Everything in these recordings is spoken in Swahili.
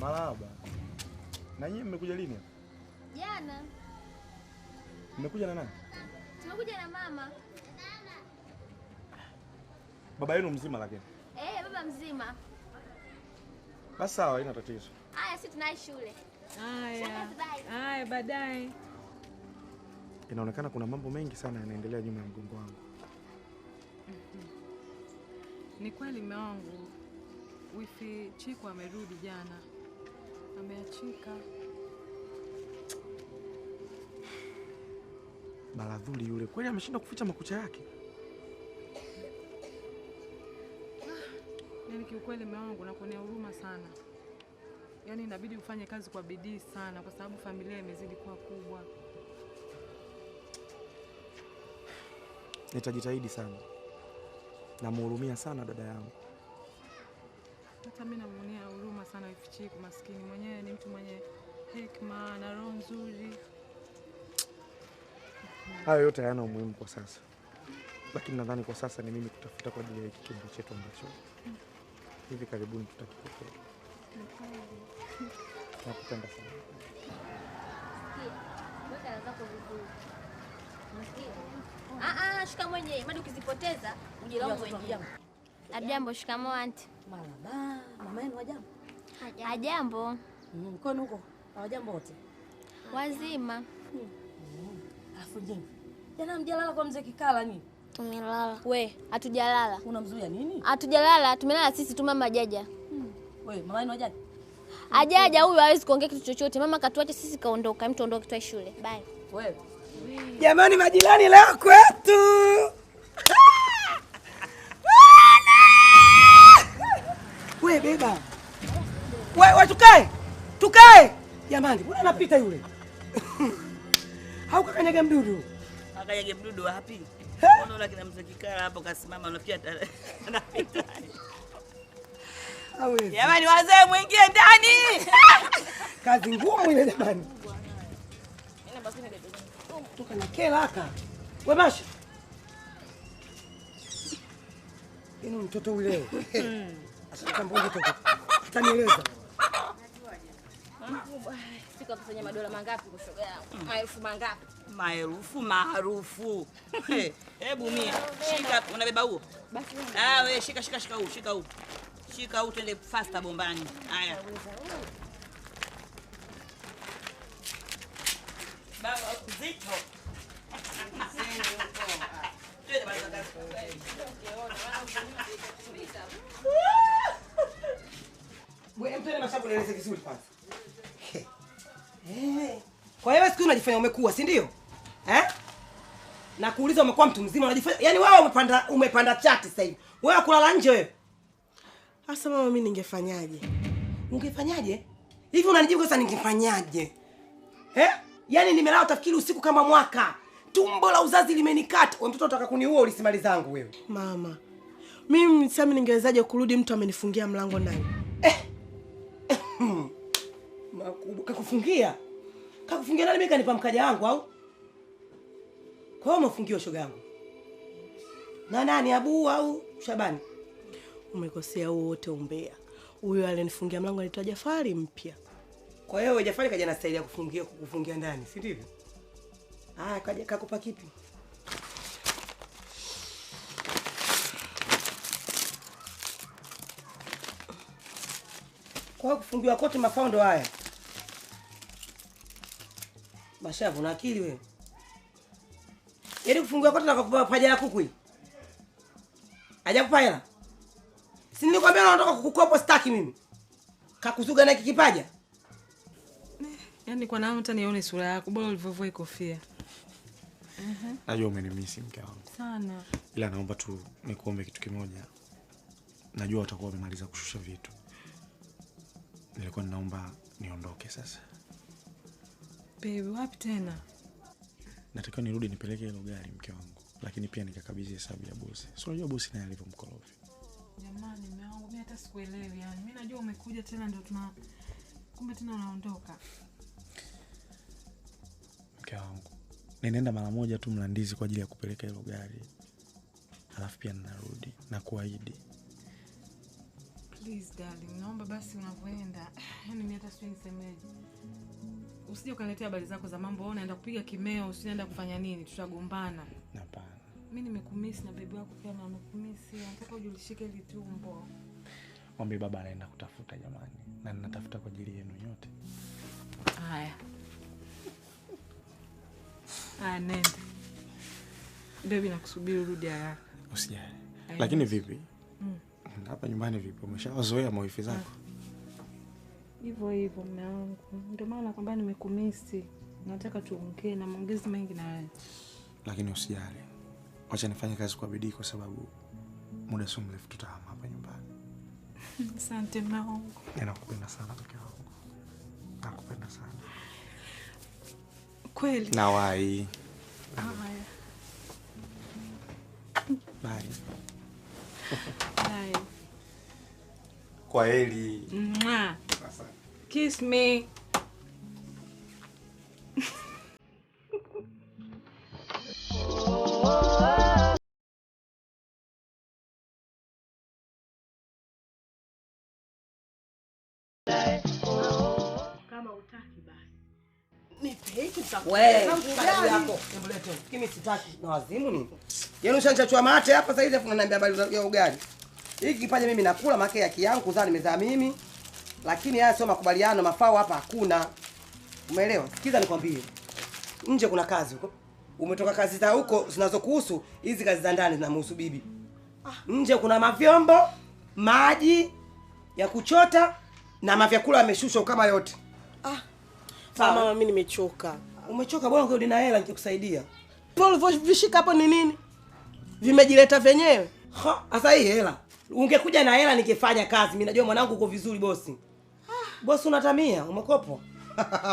mambo eh, Na nyinyi mmekuja lini? Jana. Mmekuja na nani? Tumekuja na mama. Baba yenu mzima lakini? Eh, baba mzima. Basi sawa, haina tatizo. Haya, sisi tunaye shule. Haya. Haya, baadaye. Inaonekana kuna mambo mengi sana yanaendelea nyuma ya mgongo wangu. Mm-hmm. Ni kweli mume wangu, wifi Chiko amerudi jana, ameachika. Baradhuli yule kweli ameshindwa kuficha makucha yake. Ah, yaani kiukweli mume wangu, nakuonea huruma sana, yaani inabidi ufanye kazi kwa bidii sana, kwa sababu familia imezidi kuwa kubwa. Nitajitahidi sana. Namhurumia sana dada yangu. Hata mimi namuonea huruma sana Ifichiku, maskini mwenyewe ni mtu mwenye hekima na roho nzuri. Hayo yote hayana umuhimu kwa sasa, lakini nadhani kwa sasa ni mimi kutafuta kwa ajili ya hiki chombo chetu ambacho hivi karibuni tutakipokea. Nakupenda sana. Ah ah shika mwenyewe, maana ukizipoteza ujilaumu mwenyewe. Ajambo. anti. Mama yenu Ajambo. Mkono mm, huko hawajambo wote wazima. Mm. Alafu je, jana mjalala kwa mzee Kikala Tumelala. We, hatujalala. Unamzuia nini? Hatujalala, tumelala sisi tu mama ajaja. Mm. We, mama yenu ajaja? Ajaja huyu hawezi kuongea kitu chochote. Mama katuache sisi kaondoka, mtu ondoke, twae shule. Bye. Wewe. Jamani, majirani leo kwetu we beba we, we tukae tukae. Jamani, mbona anapita yule? haukakanyage mdudu akanyaga mdudu wapi? Unaona kina mzee Kikala hapo kasimama, na pia anapita jamani. Wazee mwingie ndani, kazi ngumu ile jamani. Kana kela aka. We Masha. Inu mtoto ule. Utanieleza. Sikakusanya madola mangapi kushoga hmm. Maelfu mangapi? Maelfu maarufu. Hebu mia. Shika unabeba huo. Basi wewe. Ah shika shika shika huu, shika huu. Shika huu twende faster bombani. Haya. Baba zito. Kwa hiyo siku unajifanya umekuwa, si ndio? Eh? Na kuuliza umekuwa mtu mzima unajifanya. Yaani wewe umepanda umepanda chati sasa hivi. Wewe kulala nje wewe. Sasa mama mimi ningefanyaje? Ungefanyaje? Hivi unanijibu sasa ningefanyaje? Eh? Yaani nimelala utafikiri usiku kama mwaka tumbo la uzazi limenikata. Wewe mtoto unataka kuniua ulisimali zangu wewe. Mama. Mimi sasa ningewezaje kurudi mtu amenifungia mlango ndani? Eh. eh hmm. Makubwa kakufungia. Kakufungia nani mimi kanipa mkaja wangu au? Kwa hiyo umefungiwa shoga yangu. Na nani Abu au Shabani? Umekosea wote umbea. Huyo alinifungia mlango anaitwa Jafari mpya. Kwa hiyo Jafari kaja na staili ya kufungia kukufungia ndani, si ndivyo? Aya, kaja kakupa kipi? Kwa kufungiwa kote mafao ndo haya. Mashavu una akili wewe. Yaani kufungiwa kote na kukupa paja ya kuku hii. Hajakupa hela. Si nilikwambia naondoka kukukopa sitaki mimi. Kakuzuga na kikipaja. Eh, yaani kwa nini mtanione sura yako bora ulivyovua kofia? -hmm. Najua umenimisi mke wangu sana, ila naomba tu nikuombe kitu kimoja. Najua utakuwa umemaliza kushusha vitu. Nilikuwa ninaomba niondoke sasa. Baby, wapi tena? Natakiwa nirudi nipeleke hilo gari mke wangu, lakini pia nikakabidhi hesabu ya bosi. Si unajua bosi naye alivyo mkorofi. Jamani mume wangu, mimi hata sikuelewi yani. Mimi najua umekuja tena ndio tuna kumbe tena unaondoka. Mke wangu na mara moja tu Mlandizi kwa ajili ya kupeleka hilo gari, alafu pia ninarudi na kuahidi. Please darling, naomba basi unavyoenda, yaani mimi hata siwezi semeje, usije ukaniletea habari zako za mambo. Wewe unaenda kupiga kimeo, usienda kufanya nini, tutagombana. Hapana, mimi nimekumisi na bebi wako pia namekumisi, nataka ujulishike ile tumbo. Mwambie baba anaenda kutafuta jamani, na ninatafuta kwa ajili yenu nyote. Haya. Ah, nenda. Baby nakusubiri urudi haraka. Usijali. Lakini vipi? Mm. Hapa nyumbani vipi? Umeshawazoea mawifi zako? Ah. Hivyo hivyo mume wangu. Ndio maana nakwambia nimekumisi. Nataka tuongee na maongezi mengi na wewe. Lakini usijali. Wacha nifanye kazi kwa bidii kwa sababu muda si mrefu tutahama hapa nyumbani. Asante mume wangu. Ninakupenda sana mke wangu. Nakupenda sana kweli? Nawahi. Haya. Bye. Bye. Kwaheri. Kiss me. Mimi yaani yaani sitaki na Yaani ushanichachua mate hapa sasa hivi afu unaniambia habari za ugali. Hiki kipaje mimi nakula make ya kiangu kuzaa nimezaa mimi. Lakini haya sio makubaliano, mafao hapa hakuna. Umeelewa? Sikiza nikwambie. Nje kuna kazi huko. Umetoka kazi za huko zinazokuhusu, hizi kazi za ndani zinamhusu bibi. Ah. Nje kuna mavyombo, maji ya kuchota na mavyakula yameshushwa kama yote. Ah. Mama mimi nimechoka. Umechoka bwana, ungerudi na hela nikikusaidia. Paul vishika hapo ni nini? Vimejileta vyenyewe. Ha, asa hii hela. Ungekuja na hela nikifanya kazi. Mimi najua mwanangu uko vizuri bosi. Bosi unatamia, umekopo.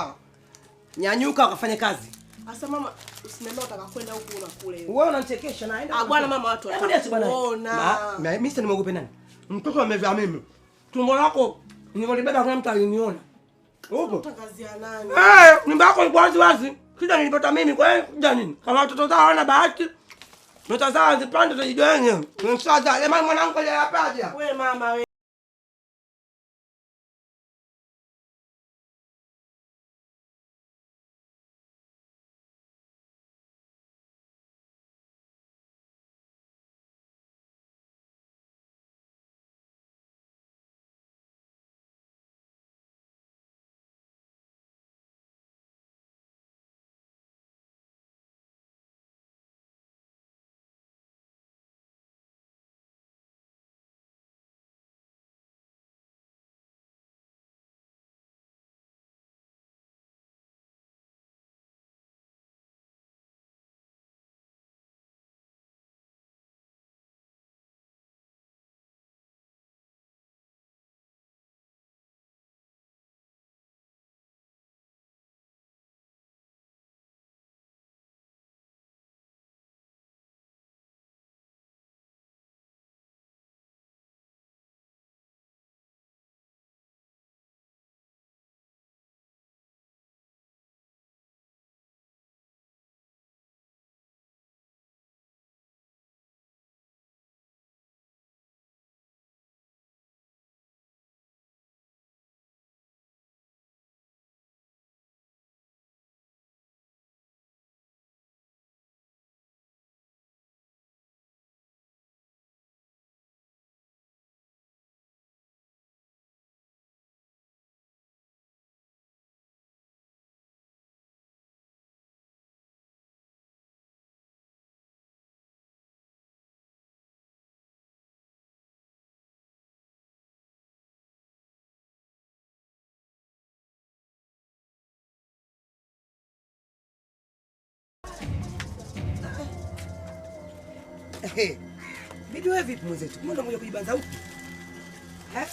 Nyanyuka ukafanye kazi. Asa mama, usiniambia utaka huko na kule. Wewe unanichekesha na aenda. Ah bwana mama watu watakuona. Mimi sasa nimeogopa nani? Mtoto amevaa mimi. Tumbo lako nilivyolibeba kwa mtu aliniona. Eh, nyumba yako ilikuwa wazi wazi, kisa nilipata mimi. Kwa hiyo kuja nini kama watoto zao hawana bahati ndoto zao zipande, tujidoenye msaza jamani, mwanangu aliapaja we mama we Hey, bibi wewe vipi mwenzetu? Mbona unakuja kujibanza huku? Eh?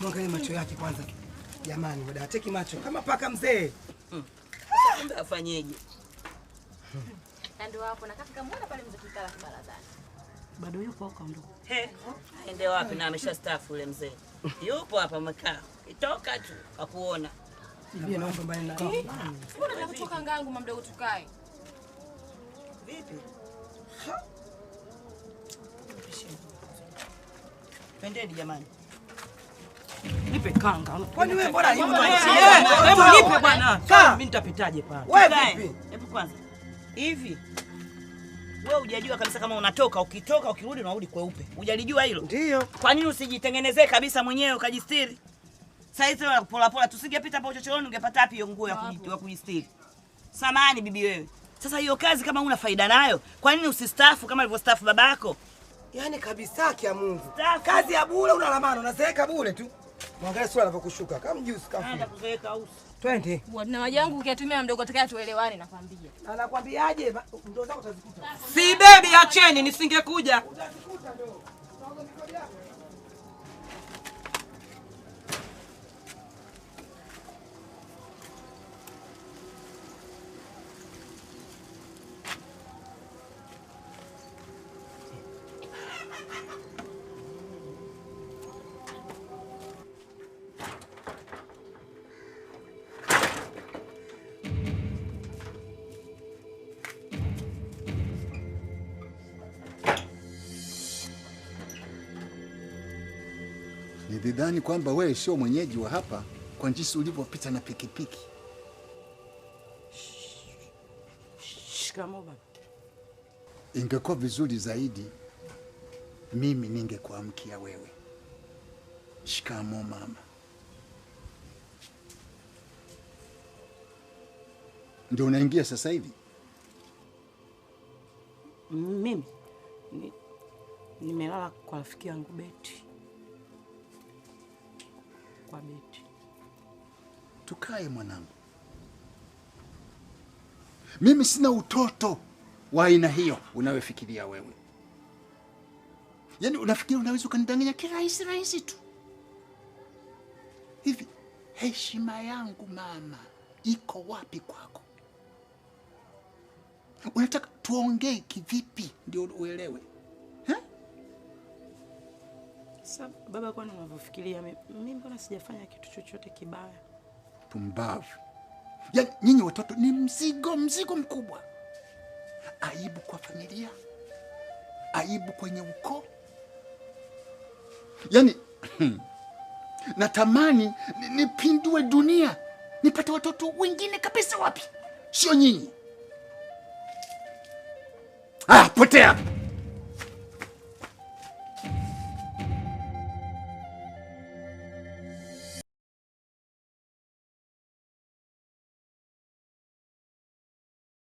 Mwangalie macho yake kwanza. Jamani, wadada teki macho kama paka mzee. Mm. Sasa afanyeje? Ndio hapo na kaka muona pale mzee kikala kibarazani. Bado yupo huko ndo. He, aende wapi na ameshastaafu yule mzee. Yupo hapa makao. Itoka tu akuona. Mimi naomba mbali na. Mbona unatoka ngangu mamdogo tukae? Vipi? Pendeni jamani. Nipe kanga. Kwani wewe mbona hivi eh, Hebu nipe bwana. Mimi nitapitaje pale? Wewe vipi? Hebu kwanza. Hivi. Wewe hujajua kabisa kama unatoka, ukitoka, ukirudi unarudi kweupe. Hujalijua hilo? Ndio. Kwa nini usijitengenezee kabisa mwenyewe ukajistiri? Sasa hizo pola pola tusingepita hapo chochooni ungepata wapi hiyo nguo ya kujistiri? Samani bibi wewe. Sasa hiyo kazi kama una faida nayo, kwa nini usistaafu kama alivyostafu babako? yani kabisa kia Mungu. Kazi ya bure unalamana, unazeeka bure tu. Mwangalie sura anapokushuka kama mjusi kafu. Anaenda kuzeeka usi. Twende. Na maji yangu ukiatumia mdogo tukae tuelewane nakwambia. Anakwambiaje? Ndio zako utazikuta. Si baby acheni nisingekuja. Utazikuta ndio. Nidhani kwamba wewe sio mwenyeji wa hapa kwa jinsi ulivyopita na pikipiki. Shikamoo baba. Ingekuwa vizuri zaidi mimi ningekuamkia wewe. shikamo mama. Ndio unaingia sasa hivi? Mimi nimelala ni kwa rafiki yangu Beti, kwa Beti. Tukae mwanangu, mimi sina utoto wa aina hiyo unayofikiria wewe. Yaani unafikiri unaweza ukanidanganya kirahisi rahisi tu hivi? Heshima yangu mama iko wapi kwako? Unataka tuongee kivipi ndio uelewe Sa, baba, kwani unavyofikiria mimi mbona sijafanya kitu chochote kibaya? Pumbavu! Yaani nyinyi watoto ni mzigo, mzigo mkubwa, aibu kwa familia, aibu kwenye ukoo yani natamani nipindue dunia nipate watoto wengine kabisa. Wapi? Sio nyinyi. Ah, potea.